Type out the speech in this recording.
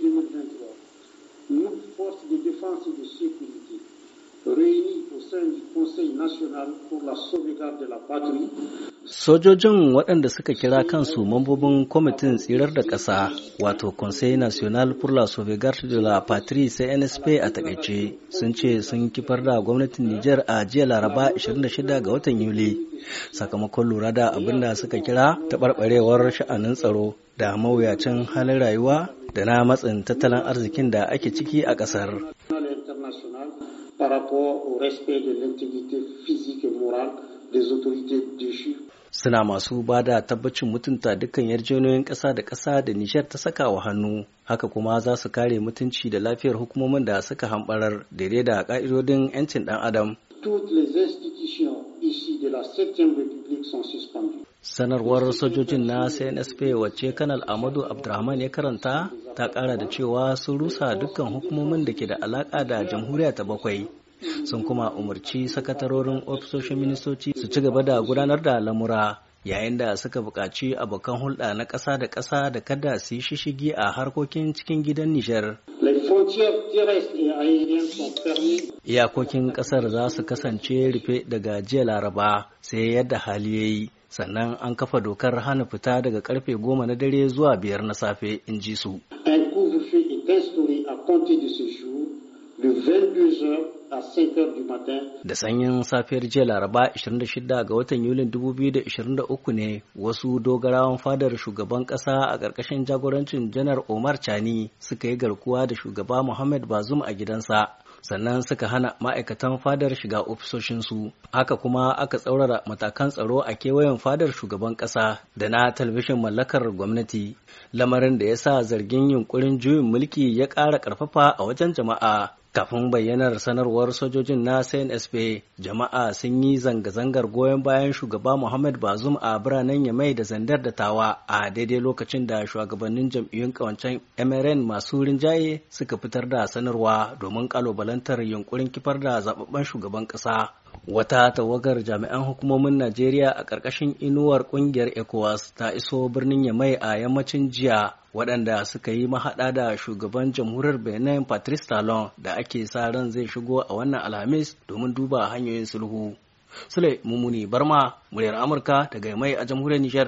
2023, l'UP Force de défense et de sécurité, réunie au sein du Conseil national pour la sauvegarde de la patrie. Sojojin waɗanda suka kira kansu mambobin kwamitin tsirar da ƙasa wato Conseil National pour la Sauvegarde de la Patrie CNSP a taƙaice sun ce sun kifar da gwamnatin Nijar a jiya Laraba 26 ga watan Yuli sakamakon lura da abinda suka kira taɓarɓarewar sha'anin tsaro da mawuyacin halin rayuwa da na matsin tattalin arzikin da ake ciki a ƙasar. Suna masu ba da tabbacin mutunta dukkan yarjejeniyoyin ƙasa da ƙasa da Nijar ta saka wa hannu, haka kuma za su kare mutunci da lafiyar hukumomin da suka hambarar daidai da ƙa'idodin 'yancin ɗan adam. Sanarwar sojojin na CNSP wacce Kanal Amadu Abdulrahman ya karanta ta kara da cewa sun rusa dukkan hukumomin da ke da alaka da jamhuriya ta bakwai sun kuma umarci sakatarorin ofisoshin ministoci su ci gaba da gudanar da lamura yayin da suka buƙaci abokan hulɗa na ƙasa da ƙasa da kada su yi shishigi a harkokin cikin gidan Nijar. Iyakokin ƙasar za su kasance rufe daga jiya Laraba sai yadda hali ya yi sannan an kafa dokar hana fita daga karfe goma na dare zuwa biyar na safe in ji su. Da sanyin safiyar jiya Laraba 26 ga watan Yulin 2023 ne wasu dogarawan fadar shugaban ƙasa a ƙarƙashin jagorancin janar Omar Chani suka yi garkuwa da shugaba Muhammad Bazum a gidansa sannan suka hana ma'aikatan fadar shiga ofisoshinsu haka kuma aka tsaurara matakan tsaro a kewayen fadar shugaban ƙasa da na talbishin mallakar gwamnati lamarin da ya sa zargin yunkurin juyin mulki ya ƙara ƙarfafa a wajen jama'a Kafin bayyanar sanarwar sojojin na CNSP, jama'a sun yi zanga-zangar goyon bayan shugaba Muhammad Bazum a biranen Yamai da Zandar da Tawa a daidai lokacin da shugabannin jam'iyyun kawancen MRN masu rinjaye suka fitar da sanarwa domin kalubalantar yunkurin kifar da zababben shugaban ƙasa. Wata tawagar jami'an hukumomin Najeriya a ƙarƙashin inuwar ƙungiyar ECOWAS ta iso birnin Yamai a yammacin jiya waɗanda suka yi mahaɗa da shugaban jamhuriyar Benin Patrice Talon da ake sa ran zai shigo a wannan Alhamis domin duba hanyoyin sulhu. Sule Mumuni Barma, muryar Amurka daga mai a jamhuriyar Niger.